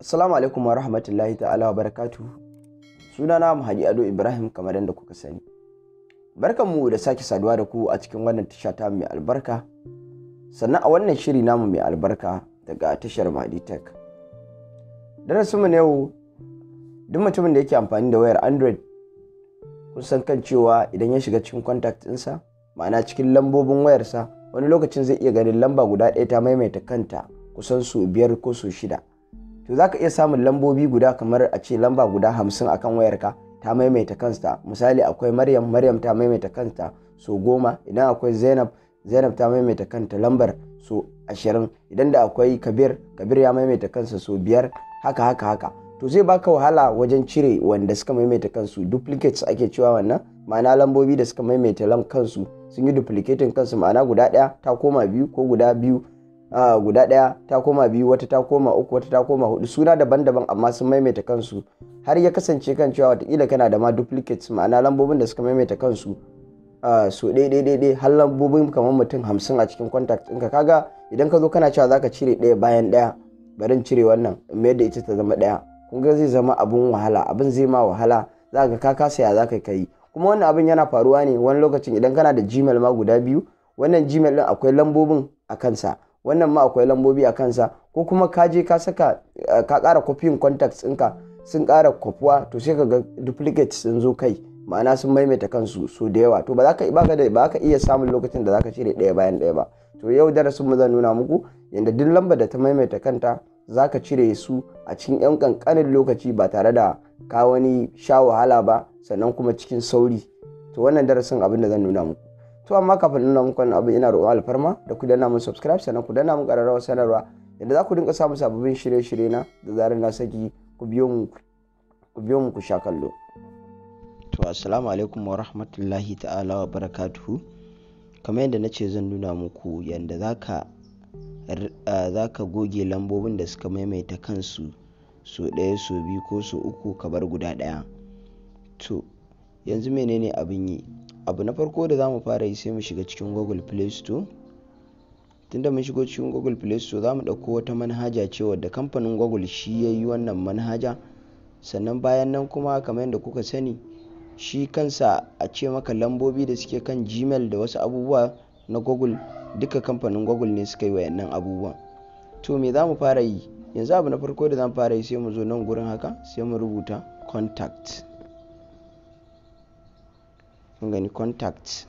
Assalamu alaikum wa rahmatullahi ta'ala wa barakatu. Sunana Mahadi Ado Ibrahim kamar yadda kuka sani. Barkanmu da sake saduwa da ku a cikin wannan tasha ta mai albarka. Sannan a wannan shiri namu mai albarka daga tashar Mahdi Tech. Darasinmu na yau duk mutumin da yake amfani da wayar Android kun san kan cewa idan ya shiga cikin contact ɗinsa ma'ana cikin lambobin wayarsa wani lokacin zai iya ganin lamba guda ɗaya ta maimaita kanta kusan su biyar ko su shida. to zaka iya samun lambobi guda kamar a ce lamba guda hamsin a kan wayarka ta maimaita kansa misali akwai maryam maryam ta maimaita kanta so goma idan akwai zainab zainab ta maimaita kanta lambar so ashirin idan da akwai kabir kabir ya maimaita kansa so biyar haka haka haka to zai baka wahala wajen cire wanda suka maimaita kansu duplicates ake cewa wannan ma'ana lambobi da suka maimaita lam kansu sun yi duplicating kansu ma'ana guda ɗaya ta koma biyu ko guda biyu guda ɗaya ta koma biyu wata ta koma uku wata ta koma hudu suna daban-daban amma sun maimaita kansu har ya kasance kan cewa watakila kana da ma duplicates ma'ana lambobin da suka maimaita kansu so daidai har lambobin kamar mutum hamsin a cikin contact ɗinka kaga idan ka zo kana cewa zaka cire ɗaya bayan ɗaya barin cire wannan mayar da ita ta zama ɗaya kun ga zai zama abun wahala abin zai ma wahala za ka ka kasa ya za ka kai kuma wannan abun yana faruwa ne wani lokacin idan kana da gmail ma guda biyu wannan gmail ɗin akwai lambobin a kansa wannan ma akwai lambobi a kansa ko kuma ka je ka saka eh, ka ƙara copying contact ɗinka sun kara kofuwa to sai ka ga duplicate sun zo kai ma'ana sun maimaita kansu su da yawa to ba za ka iya samun lokacin da za ka cire daya bayan ɗaya ba to yau darasin mu zan nuna muku yadda duk lamba da ta maimaita kanta za ka cire su a cikin 'yan kankanin lokaci ba tare da ka wani sha wahala ba sannan kuma cikin sauri to wannan darasin abin da zan nuna muku to amma kafin nuna muku wannan abin ina roƙon alfarma da ku danna mun subscribe sannan ku danna mun ƙararrawar sanarwa yadda za ku dinga samun sababbin shirye-shirye na da zarar na saki ku biyo mu ku biyo mu ku sha kallo to assalamu alaikum wa rahmatullahi ta'ala wa barakatuhu kamar yadda na ce zan nuna muku yadda zaka zaka goge lambobin da suka maimaita kansu so ɗaya so biyu ko so uku kabar guda ɗaya to yanzu menene abin yi abu na farko da za mu fara yi sai mu shiga cikin google play store tunda mun shigo cikin google play store za mu ɗauko wata manhaja ce wadda kamfanin google shi ya yi wannan manhaja sannan bayan nan kuma kamar yadda kuka sani shi kansa a ce maka lambobi da suke kan gmail da wasu abubuwa na google duka kamfanin google ne suka yi wa yannan abubuwan to me za mu fara yi yanzu abu na farko da za mu fara yi sai mu zo nan gurin haka sai mu rubuta contact kun gani contact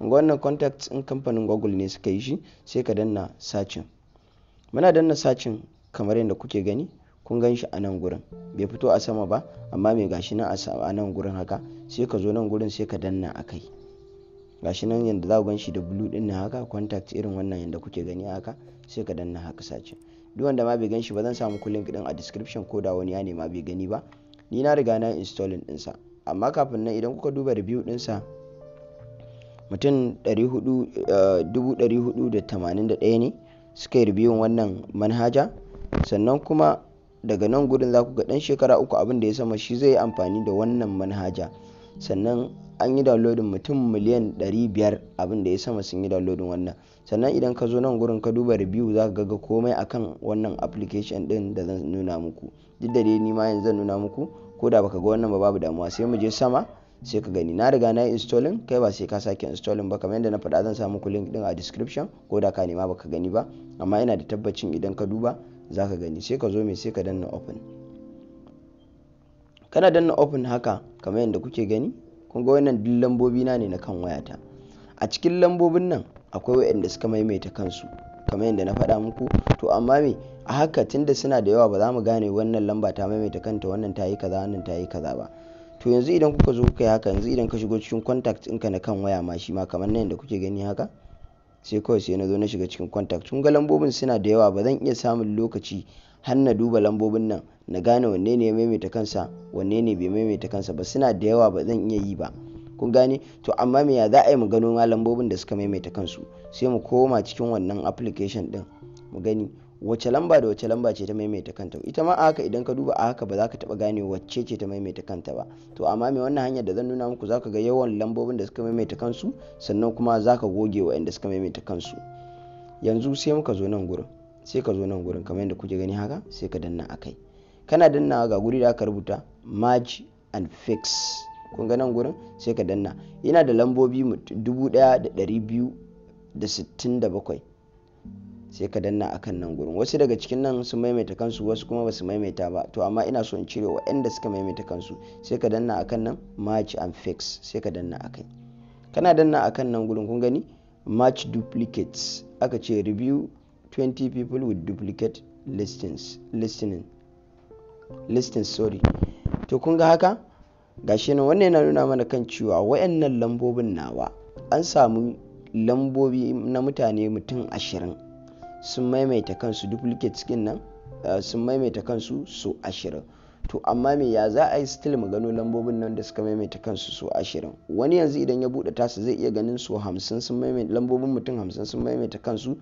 wannan contact in kamfanin google ne suka yi shi sai ka danna sacin muna danna sacin kamar yadda kuke gani kun gan shi a nan gurin bai fito a sama ba amma mai gashi nan a nan gurin haka sai ka zo nan gurin sai ka danna a kai gashi nan yadda za ku gan shi da blue din nan haka contact irin wannan yadda kuke gani haka sai ka danna haka sacin duk wanda ma bai gan shi ba zan samu ku link din a description ko da wani ya nema bai gani ba ni na riga na installing sa amma kafin nan idan kuka duba review dinsa mutum 481 eh, ne suka yi review wannan manhaja sannan kuma daga nan gudun za ku ga dan shekara uku abin da ya sama shi zai yi amfani da wannan manhaja sannan an yi downloading mutum miliyan 500 abin da ya sama sun yi downloading wannan sannan idan ka zo nan gurin ka duba review za ka ga komai akan wannan application din da zan nuna muku duk da dai ni ma yanzu zan nuna muku ko da baka ga wannan ba babu damuwa sai mu je sama sai ka gani na riga na yi installing kai ba sai ka sake installing ba kamar yadda na faɗa zan samu ku link din a description ko da ka nema baka gani ba amma ina da tabbacin idan ka duba za ka gani sai ka zo mai sai ka danna open kana danna open haka kamar yadda kuke gani kun ga wannan duk lambobi na ne na kan wayata a cikin lambobin nan akwai waɗanda suka maimaita kansu kamar yadda na faɗa muku to amma me a haka tunda suna da yawa ba za mu gane wannan lamba ta maimaita kanta wannan ta yi kaza wannan ta yi kaza ba to yanzu idan kuka zo kuka yi haka yanzu idan ka shigo cikin contact ɗinka na kan waya ma shi ma kamar nan da kuke gani haka sai kawai sai na zo na shiga cikin contact kun ga lambobin suna da yawa ba zan iya samun lokaci har na duba lambobin nan na gane wanne ne ya maimaita kansa wanne ne bai maimaita kansa ba suna da yawa ba zan iya yi ba kun gane to amma me ya za a yi mu gano lambobin da suka maimaita kansu sai mu koma cikin wannan application din mu gani wace lamba da wace lamba ce ta maimaita kanta ita ma a haka idan ka duba a haka ba za ka taba gane wacce ce ta maimaita kanta ba to amma me wannan hanyar da zan nuna muku za ka ga yawan lambobin da suka maimaita kansu sannan kuma za ka goge waɗanda suka maimaita kansu yanzu sai muka zo nan gurin sai ka zo nan gurin kamar yadda kuke gani haka sai ka danna akai kana dannawa ga guri da aka rubuta match and fix kun ga nan gurin sai ka danna ina da lambobi 1267 sai ka danna a kan nan gurin wasu daga cikin nan sun maimaita kansu wasu kuma ba su maimaita ba to amma ina so in cire waɗanda suka maimaita kansu sai ka danna a kan nan match and fix sai ka danna a kai kana danna a kan nan gurin kun gani match duplicates aka ce review 20 people with duplicate listings listening listings sorry to kun ga haka shi nan wannan yana nuna mana kan cewa wayannan lambobin nawa an samu lambobi na mutane mutum ashirin sun maimaita kansu duplicate skin nan eh, sun maimaita kansu su ashirin to amma me ya za a yi still mu gano lambobin nan da suka maimaita kansu su ashirin wani yanzu idan ya buɗe tasa zai iya ganin su hamsin sun maimaita lambobin mutum hamsin sun maimaita kansu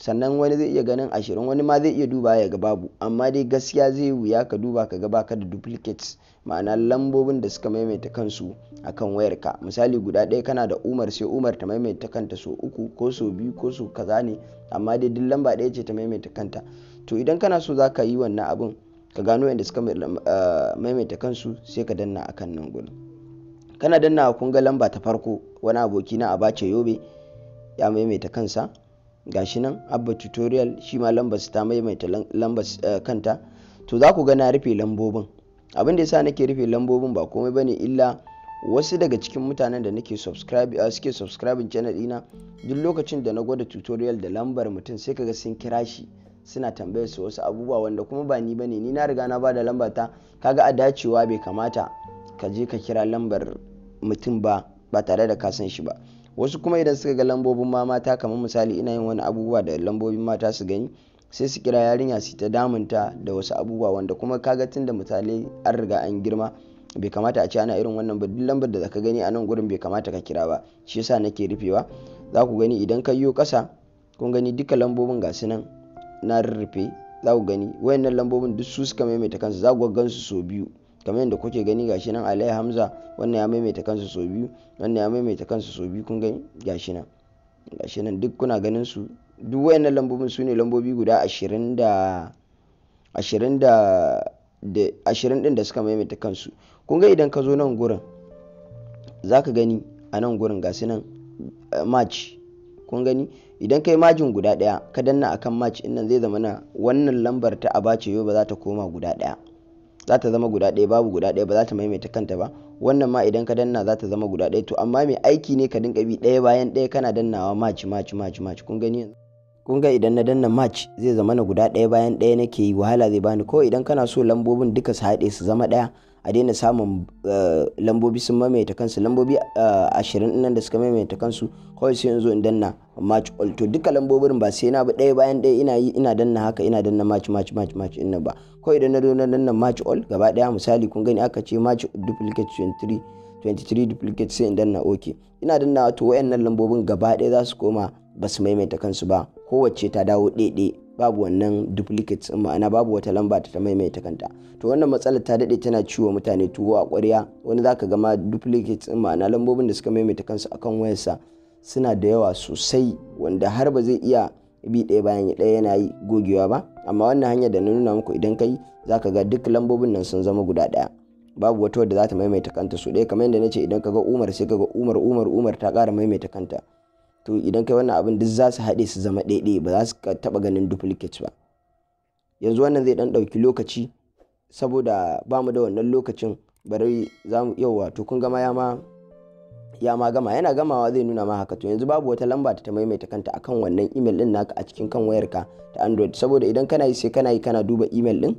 sannan wani zai iya ganin ashirin wani ma zai iya duba ya ga babu amma dai gaskiya zai wuya ka duba ka ga baka da duplicates ma'ana lambobin da suka maimaita kansu akan wayar ka misali guda ɗaya kana da umar sai umar ta maimaita kanta so uku ko so biyu ko so kaza ne amma dai duk lamba ɗaya ce ta maimaita kanta to idan kana so za ka yi wannan abin ka gano yadda suka eh, maimaita kansu sai ka danna akan nan gurin kana danna kun ga lamba ta farko wani aboki na abace yobe ya maimaita kansa gashi nan abba tutorial shi ma lambas ta maimaita lambas eh, kanta to za ku ga na rufe lambobin abin da yasa nake rufe lambobin ba komai bane illa wasu daga cikin mutanen da nake subscribe a eh, suke subscribing channel dina duk lokacin da na gwada tutorial da lambar mutum sai kaga sun kira shi suna tambayar su wasu abubuwa wanda kuma ba ni bane ni na riga na bada lamba ta kaga a dacewa bai kamata ka je ka kira lambar mutum ba ba tare da ka san shi ba wasu kuma idan suka ga lambobin ma mata kamar misali ina yin wani abubuwa da lambobin mata su gani sai su kira yarinya su ta damunta da wasu abubuwa wanda kuma kaga tun da misali an riga an girma bai kamata a ci ana irin wannan ba duk lambar da ka gani a nan gurin bai kamata ka kira ba shi yasa nake rufewa za ku gani idan ka yiwo kasa kun gani duka lambobin ga su nan na rurrufe za ku gani wayannan lambobin duk su suka maimaita kansu za ku gansu sau biyu kamar yadda kuke gani gashi nan alai hamza wannan ya maimaita kansa sau biyu wannan ya maimaita kansa sau biyu kun gani gashi nan gashi nan duk kuna ganin su duk wayannan lambobin su ne lambobi guda ashirin da ashirin da ashirin din da suka maimaita kansu kun ga idan ka zo nan gurin za ka gani a nan gurin gasu nan eh, match kun gani idan kai majin guda daya ka danna akan match din nan zai zama na wannan lambar ta abace yau ba za ta koma guda daya za ta zama guda ɗaya babu guda ɗaya ba za ta maimaita kanta ba wannan ma idan ka danna za ta zama guda ɗaya to amma mai aiki ne ka dinga bi ɗaya bayan ɗaya kana dannawa maci-maci-maci-maci? kun gani yanzu kun ga idan na danna match zai zama na guda ɗaya bayan ɗaya nake yi wahala zai bani ko idan kana so lambobin duka su haɗe su zama ɗaya a daina samun eh, lambobi sun maimaita kansu lambobi eh, ashirin nan da suka maimaita kansu kawai sai in zo in danna match all to duka lambobin ba sai na ba ɗaya bayan ɗaya ina yi ina danna haka ina danna match match match match ina ba kawai idan na zo na danna match all gaba ɗaya misali kun gani aka ce match duplicate 23 23 duplicate sai in danna okay ina danna to wayannan lambobin gaba ɗaya za su koma ba su maimaita kansu ba kowace ta dawo ɗaiɗe babu wannan duplicate ma'ana babu wata lamba ta ta maimaita kanta to wannan matsalar ta dade tana ciwo mutane tuwo a ƙwarya wani zaka ga ma in ma'ana lambobin da suka maimaita kansu akan wayarsa suna da yawa sosai wanda har ba zai iya bi ɗaya bayan ya ɗaya yana yi gogewa ba amma wannan hanyar da na nuna muku idan kai zaka ga duk lambobin nan sun zama guda ɗaya babu wata wadda za ta maimaita kanta su ɗaya kamar yadda na ce idan ka ga umar sai ka ga umar umar umar ta ƙara maimaita kanta to idan kai wannan abin duk za su haɗe su zama ɗaiɗe ba za su taɓa ganin duplicates ba yanzu wannan zai ɗan ɗauki lokaci saboda ba mu da wannan lokacin bari za mu yauwa to kun gama ya ma gama yana gamawa zai nuna ma haka to yanzu babu wata lamba ta maimaita kanta akan wannan email din naka a cikin kan wayar ka ta android saboda idan kana yi sai kana yi kana duba email din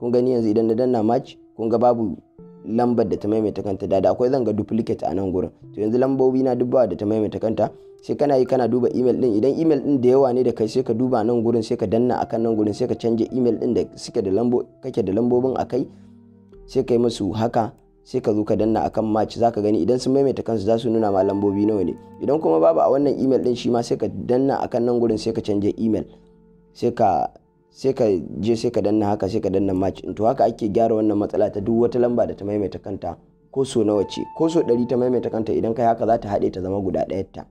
kun gani yanzu idan na danna match kun ga babu lambar da ta maimaita kanta da akwai zan ga duplicate a nan gurin to yanzu lambobi na dubba da ta maimaita kanta sai kana yi kana duba email din idan email din da yawa ne da kai sai ka duba nan gurin sai ka danna akan nan gurin sai ka canje email din da suke da lambo kake da lambobin akai sai kai musu haka sai ka zo ka danna akan match zaka gani idan sun maimaita kansu za su nuna ma lambobi nawa ne idan kuma babu a wannan email din shi ma sai ka danna akan nan gurin sai ka canje email sai ka sai ka je sai ka danna haka sai ka danna match to haka ake gyara wannan matsala ta duk wata lamba da ta maimaita kanta ko so nawa ce ko so ɗari ta maimaita kanta idan kai haka za ta haɗe ta zama guda ɗaya ta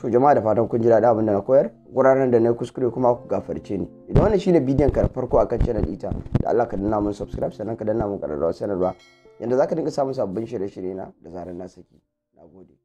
to jama'a da fatan kun ji daɗin abin da na koyar wuraren da na kuskure kuma ku gafarce ni idan wannan shine bidiyon ka farko akan channel ita da Allah ka danna mun subscribe sannan ka danna mun ƙararrawa sanarwa yanda zaka dinga samun sabbin shirye-shirye na da zarar na saki nagode